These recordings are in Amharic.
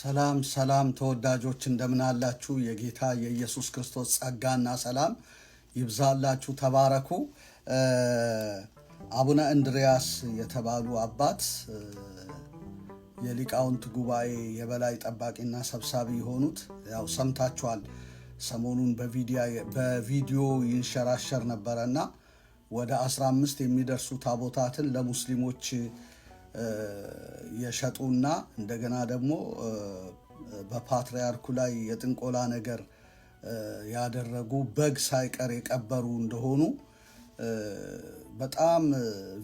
ሰላም ሰላም ተወዳጆች እንደምን አላችሁ? የጌታ የኢየሱስ ክርስቶስ ጸጋና ሰላም ይብዛላችሁ። ተባረኩ። አቡነ እንድሪያስ የተባሉ አባት የሊቃውንት ጉባኤ የበላይ ጠባቂና ሰብሳቢ የሆኑት ያው ሰምታችኋል። ሰሞኑን በቪዲዮ ይንሸራሸር ነበረና ወደ 15 የሚደርሱ ታቦታትን ለሙስሊሞች የሸጡና እንደገና ደግሞ በፓትርያርኩ ላይ የጥንቆላ ነገር ያደረጉ በግ ሳይቀር የቀበሩ እንደሆኑ በጣም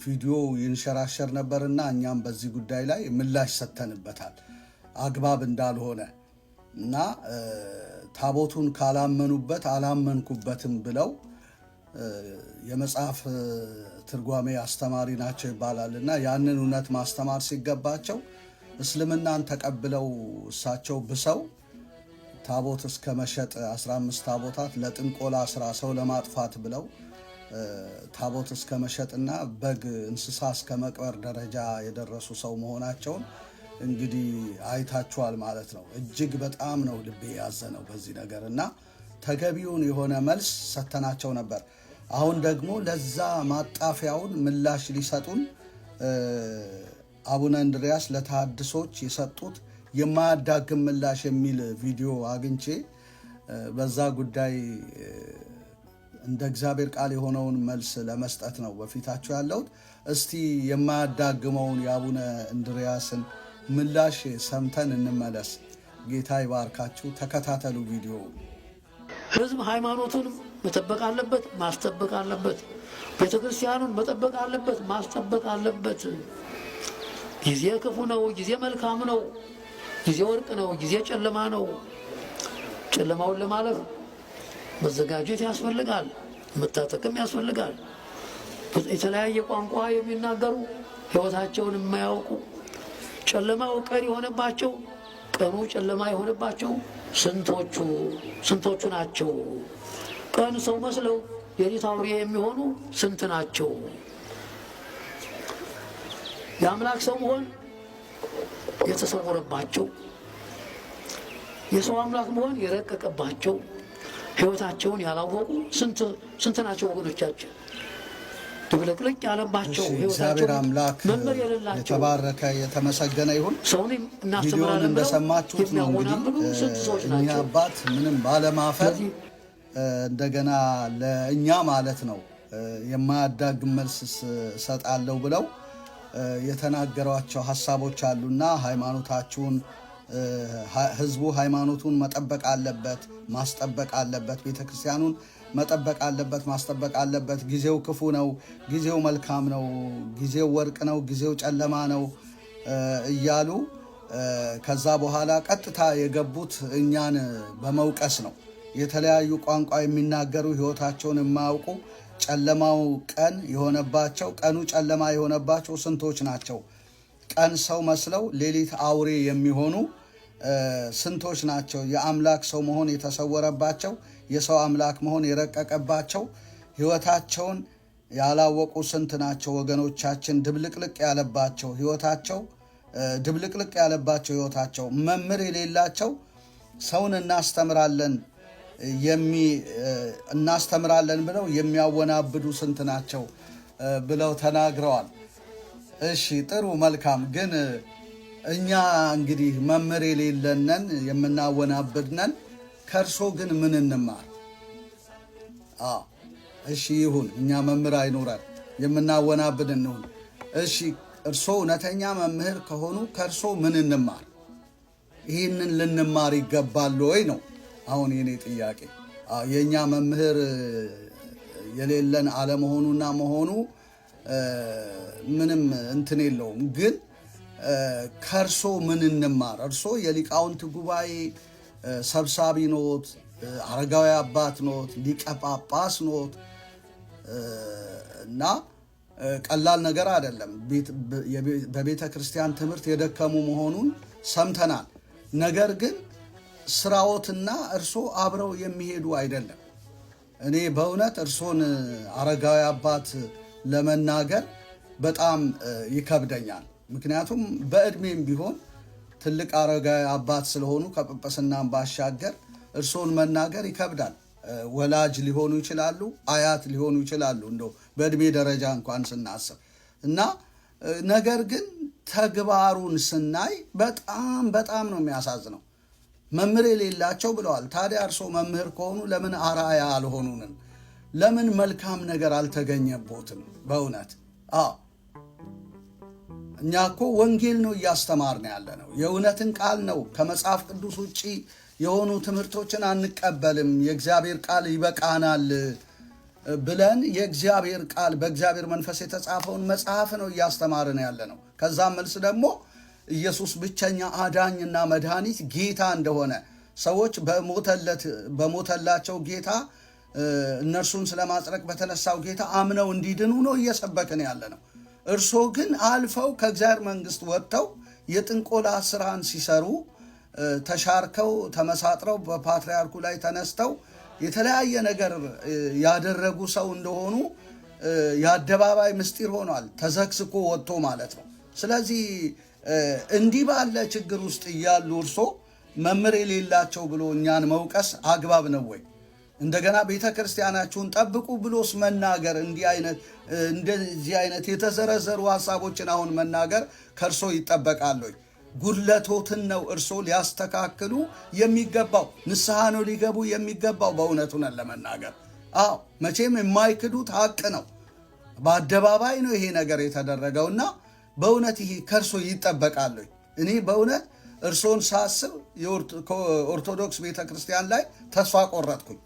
ቪዲዮ ይንሸራሸር ነበርና እኛም በዚህ ጉዳይ ላይ ምላሽ ሰተንበታል። አግባብ እንዳልሆነ እና ታቦቱን ካላመኑበት አላመንኩበትም ብለው የመጽሐፍ ትርጓሜ አስተማሪ ናቸው ይባላል እና ያንን እውነት ማስተማር ሲገባቸው እስልምናን ተቀብለው እሳቸው ብሰው ታቦት እስከ መሸጥ 15 ታቦታት ለጥንቆላ ስራ ሰው ለማጥፋት ብለው ታቦት እስከ መሸጥና በግ እንስሳ እስከ መቅበር ደረጃ የደረሱ ሰው መሆናቸውን እንግዲህ አይታችኋል ማለት ነው። እጅግ በጣም ነው ልቤ ያዘነው በዚህ ነገር እና ተገቢውን የሆነ መልስ ሰተናቸው ነበር። አሁን ደግሞ ለዛ ማጣፊያውን ምላሽ ሊሰጡን አቡነ እንድሪያስ ለተሃድሶች የሰጡት የማያዳግም ምላሽ የሚል ቪዲዮ አግኝቼ በዛ ጉዳይ እንደ እግዚአብሔር ቃል የሆነውን መልስ ለመስጠት ነው በፊታቸው ያለሁት። እስቲ የማያዳግመውን የአቡነ እንድሪያስን ምላሽ ሰምተን እንመለስ። ጌታ ይባርካችሁ። ተከታተሉ ቪዲዮ። ህዝብ ሃይማኖቱንም መጠበቅ አለበት፣ ማስጠበቅ አለበት። ቤተ ክርስቲያኑን መጠበቅ አለበት፣ ማስጠበቅ አለበት። ጊዜ ክፉ ነው፣ ጊዜ መልካም ነው። ጊዜ ወርቅ ነው፣ ጊዜ ጨለማ ነው። ጨለማውን ለማለፍ መዘጋጀት ያስፈልጋል፣ መታጠቅም ያስፈልጋል። የተለያየ ቋንቋ የሚናገሩ ሕይወታቸውን የማያውቁ ጨለማው ቀን የሆነባቸው ቀኑ ጨለማ የሆነባቸው ስንቶቹ ስንቶቹ ናቸው? ቀን ሰው መስለው የሊት አውሬ የሚሆኑ ስንት ናቸው? የአምላክ ሰው መሆን የተሰወረባቸው፣ የሰው አምላክ መሆን የረቀቀባቸው፣ ህይወታቸውን ያላወቁ ስንት ናቸው ወገኖቻችን? ድብልቅልቅ ያለባቸው እግዚአብሔር አምላክ የተባረከ የተመሰገነ ይሁን። ቪዲዮን እንደሰማችሁት ነው እንግዲህ እኒህ አባት ምንም ባለማፈር እንደገና ለእኛ ማለት ነው የማያዳግም መልስ እሰጣለሁ ብለው የተናገሯቸው ሀሳቦች አሉና ሃይማኖታችሁን ህዝቡ ሃይማኖቱን መጠበቅ አለበት፣ ማስጠበቅ አለበት፣ ቤተክርስቲያኑን መጠበቅ አለበት፣ ማስጠበቅ አለበት። ጊዜው ክፉ ነው፣ ጊዜው መልካም ነው፣ ጊዜው ወርቅ ነው፣ ጊዜው ጨለማ ነው እያሉ ከዛ በኋላ ቀጥታ የገቡት እኛን በመውቀስ ነው። የተለያዩ ቋንቋ የሚናገሩ ህይወታቸውን የማያውቁ ጨለማው ቀን የሆነባቸው ቀኑ ጨለማ የሆነባቸው ስንቶች ናቸው? ቀን ሰው መስለው ሌሊት አውሬ የሚሆኑ ስንቶች ናቸው? የአምላክ ሰው መሆን የተሰወረባቸው የሰው አምላክ መሆን የረቀቀባቸው ህይወታቸውን ያላወቁ ስንት ናቸው? ወገኖቻችን ድብልቅልቅ ያለባቸው ህይወታቸው ድብልቅልቅ ያለባቸው ህይወታቸው መምህር የሌላቸው ሰውን እናስተምራለን እናስተምራለን ብለው የሚያወናብዱ ስንት ናቸው ብለው ተናግረዋል። እሺ ጥሩ መልካም። ግን እኛ እንግዲህ መምህር የሌለንን የምናወናብድነን ከእርሶ ግን ምን እንማር? እሺ ይሁን፣ እኛ መምህር አይኖረን የምናወናብድ እንሁን። እሺ እርሶ እውነተኛ መምህር ከሆኑ ከእርሶ ምን እንማር? ይህንን ልንማር ይገባል ወይ ነው አሁን የኔ ጥያቄ የእኛ መምህር የሌለን አለመሆኑና መሆኑ ምንም እንትን የለውም። ግን ከእርሶ ምን እንማር? እርሶ የሊቃውንት ጉባኤ ሰብሳቢ ኖት፣ አረጋዊ አባት ኖት፣ ሊቀ ጳጳስ ኖት እና ቀላል ነገር አይደለም። በቤተ ክርስቲያን ትምህርት የደከሙ መሆኑን ሰምተናል። ነገር ግን ስራዎትና እርሶ አብረው የሚሄዱ አይደለም። እኔ በእውነት እርሶን አረጋዊ አባት ለመናገር በጣም ይከብደኛል። ምክንያቱም በእድሜም ቢሆን ትልቅ አረጋዊ አባት ስለሆኑ ከጵጵስናም ባሻገር እርሶን መናገር ይከብዳል። ወላጅ ሊሆኑ ይችላሉ፣ አያት ሊሆኑ ይችላሉ፣ እንደው በእድሜ ደረጃ እንኳን ስናስብ እና ነገር ግን ተግባሩን ስናይ በጣም በጣም ነው የሚያሳዝነው። መምህር የሌላቸው ብለዋል። ታዲያ እርሶ መምህር ከሆኑ ለምን አራያ አልሆኑንም? ለምን መልካም ነገር አልተገኘቦትም? በእውነት እኛ እኮ ወንጌል ነው እያስተማርን ያለ ነው። የእውነትን ቃል ነው። ከመጽሐፍ ቅዱስ ውጭ የሆኑ ትምህርቶችን አንቀበልም። የእግዚአብሔር ቃል ይበቃናል ብለን የእግዚአብሔር ቃል በእግዚአብሔር መንፈስ የተጻፈውን መጽሐፍ ነው እያስተማርን ያለ ነው። ከዛም መልስ ደግሞ ኢየሱስ ብቸኛ አዳኝና መድኃኒት ጌታ እንደሆነ ሰዎች በሞተላቸው ጌታ እነርሱን ስለማጽረቅ በተነሳው ጌታ አምነው እንዲድኑ ነው እየሰበክን ያለ ነው። እርሶ ግን አልፈው ከእግዚአብሔር መንግስት ወጥተው የጥንቆላ ስራን ሲሰሩ ተሻርከው ተመሳጥረው በፓትርያርኩ ላይ ተነስተው የተለያየ ነገር ያደረጉ ሰው እንደሆኑ የአደባባይ ምስጢር ሆኗል። ተዘግዝኮ ወጥቶ ማለት ነው። ስለዚህ እንዲህ ባለ ችግር ውስጥ እያሉ እርሶ መምህር የሌላቸው ብሎ እኛን መውቀስ አግባብ ነው ወይ? እንደገና ቤተ ክርስቲያናችሁን ጠብቁ ብሎስ መናገር እንደዚህ አይነት የተዘረዘሩ ሀሳቦችን አሁን መናገር ከእርሶ ይጠበቃል ጉድለቶትን ነው እርሶ ሊያስተካክሉ የሚገባው። ንስሐ ነው ሊገቡ የሚገባው። ነን ለመናገር አዎ፣ መቼም የማይክዱት ሀቅ ነው። በአደባባይ ነው ይሄ ነገር የተደረገውና በእውነት ይሄ ከእርሶ ይጠበቃል? እኔ በእውነት እርሶን ሳስብ የኦርቶዶክስ ቤተ ክርስቲያን ላይ ተስፋ ቆረጥኩኝ።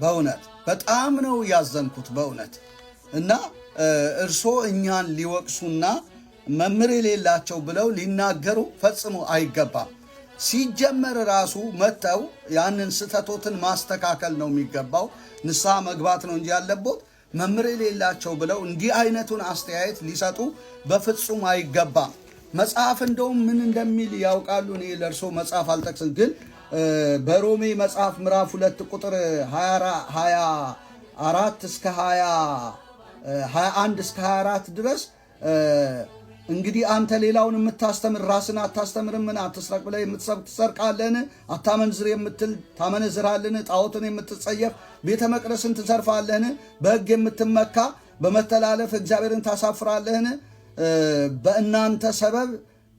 በእውነት በጣም ነው ያዘንኩት። በእውነት እና እርሶ እኛን ሊወቅሱና መምህር የሌላቸው ብለው ሊናገሩ ፈጽሞ አይገባም። ሲጀመር ራሱ መጥተው ያንን ስህተቶትን ማስተካከል ነው የሚገባው። ንስሐ መግባት ነው እንጂ ያለቦት መምህር የሌላቸው ብለው እንዲህ አይነቱን አስተያየት ሊሰጡ በፍጹም አይገባም። መጽሐፍ እንደውም ምን እንደሚል ያውቃሉ። እኔ ለእርሶ መጽሐፍ አልጠቅስም፣ ግን በሮሜ መጽሐፍ ምዕራፍ ሁለት ቁጥር 24 እስከ 21 እስከ 24 ድረስ እንግዲህ አንተ ሌላውን የምታስተምር ራስን አታስተምርምን? አትስረቅ ብለህ የምትሰብክ ትሰርቃለን? አታመንዝር የምትል ታመነዝራልን? ጣዖትን የምትጸየፍ ቤተ መቅደስን ትዘርፋለህን? በህግ የምትመካ በመተላለፍ እግዚአብሔርን ታሳፍራለህን? በእናንተ ሰበብ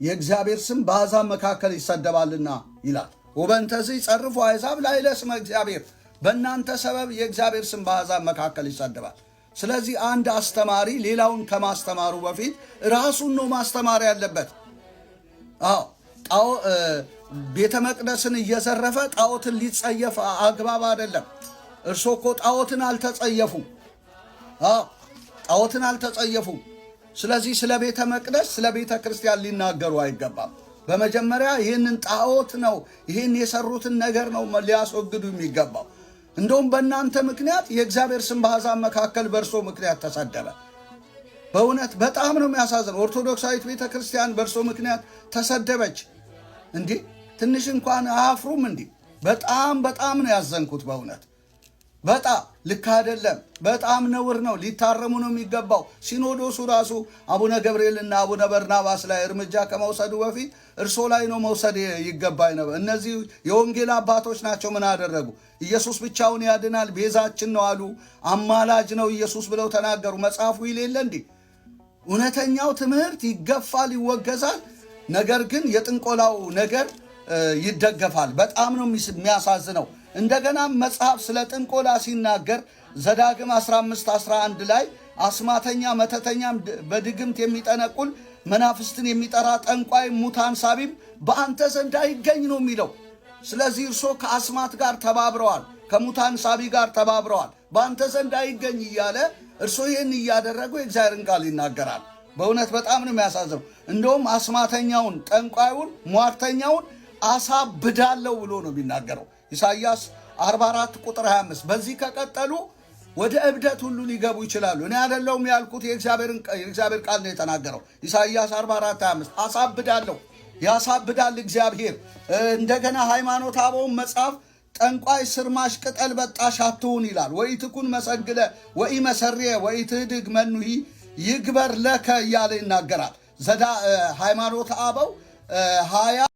የእግዚአብሔር ስም በአሕዛብ መካከል ይሰደባልና ይላል። ወበእንተዚህ ጸርፎ አሕዛብ ላዕለ ስመ እግዚአብሔር፣ በእናንተ ሰበብ የእግዚአብሔር ስም በአሕዛብ መካከል ይሰደባል። ስለዚህ አንድ አስተማሪ ሌላውን ከማስተማሩ በፊት ራሱን ነው ማስተማር ያለበት። አዎ ቤተ መቅደስን እየዘረፈ ጣዖትን ሊጸየፍ አግባብ አይደለም። እርሶ እኮ ጣዖትን አልተጸየፉ ጣዖትን አልተጸየፉም። ስለዚህ ስለ ቤተ መቅደስ ስለ ቤተ ክርስቲያን ሊናገሩ አይገባም። በመጀመሪያ ይህንን ጣዖት ነው ይህን የሰሩትን ነገር ነው ሊያስወግዱ የሚገባው። እንደውም በእናንተ ምክንያት የእግዚአብሔር ስም በአሕዛብ መካከል በእርሶ ምክንያት ተሰደበ። በእውነት በጣም ነው የሚያሳዝነው ኦርቶዶክሳዊት ቤተ ክርስቲያን በእርሶ ምክንያት ተሰደበች። እንዲህ ትንሽ እንኳን አያፍሩም? እንዲህ በጣም በጣም ነው ያዘንኩት በእውነት። በጣም ልክ አይደለም። በጣም ነውር ነው። ሊታረሙ ነው የሚገባው። ሲኖዶሱ ራሱ አቡነ ገብርኤልና አቡነ በርናባስ ላይ እርምጃ ከመውሰዱ በፊት እርሶ ላይ ነው መውሰድ ይገባኝ ነበር። እነዚህ የወንጌል አባቶች ናቸው። ምን አደረጉ? ኢየሱስ ብቻውን ያድናል፣ ቤዛችን ነው አሉ። አማላጅ ነው ኢየሱስ ብለው ተናገሩ። መጽሐፉ ይሌለ እንዲህ እውነተኛው ትምህርት ይገፋል፣ ይወገዛል። ነገር ግን የጥንቆላው ነገር ይደገፋል። በጣም ነው የሚያሳዝነው። እንደገና መጽሐፍ ስለ ጥንቆላ ሲናገር ዘዳግም 15 11 ላይ አስማተኛ መተተኛም በድግምት የሚጠነቁል መናፍስትን የሚጠራ ጠንቋይ ሙታን ሳቢም በአንተ ዘንድ አይገኝ ነው የሚለው። ስለዚህ እርሶ ከአስማት ጋር ተባብረዋል፣ ከሙታን ሳቢ ጋር ተባብረዋል። በአንተ ዘንድ አይገኝ እያለ እርሶ ይህን እያደረጉ የእግዚአብሔርን ቃል ይናገራል። በእውነት በጣም ነው የሚያሳዝነው። እንደውም አስማተኛውን፣ ጠንቋዩን፣ ሟርተኛውን ብዳለው ብሎ ነው የሚናገረው። ኢሳይያስ 44 ቁጥር 25 በዚህ ከቀጠሉ ወደ እብደት ሁሉ ሊገቡ ይችላሉ። እኔ አይደለሁም ያልኩት የእግዚአብሔር ቃል ነው የተናገረው። ኢሳይያስ 44 25 አሳብዳለሁ፣ ያሳብዳል እግዚአብሔር። እንደገና ሃይማኖት አበውን መጽሐፍ ጠንቋይ ስርማሽ ቅጠል በጣሽ አትሁን ይላል። ወይትኩን መሰግለ ወኢ መሰሪየ ወኢትህድግ መኑሂ ይግበር ለከ እያለ ይናገራል። ዘዳ ሃይማኖት አበው ሃያ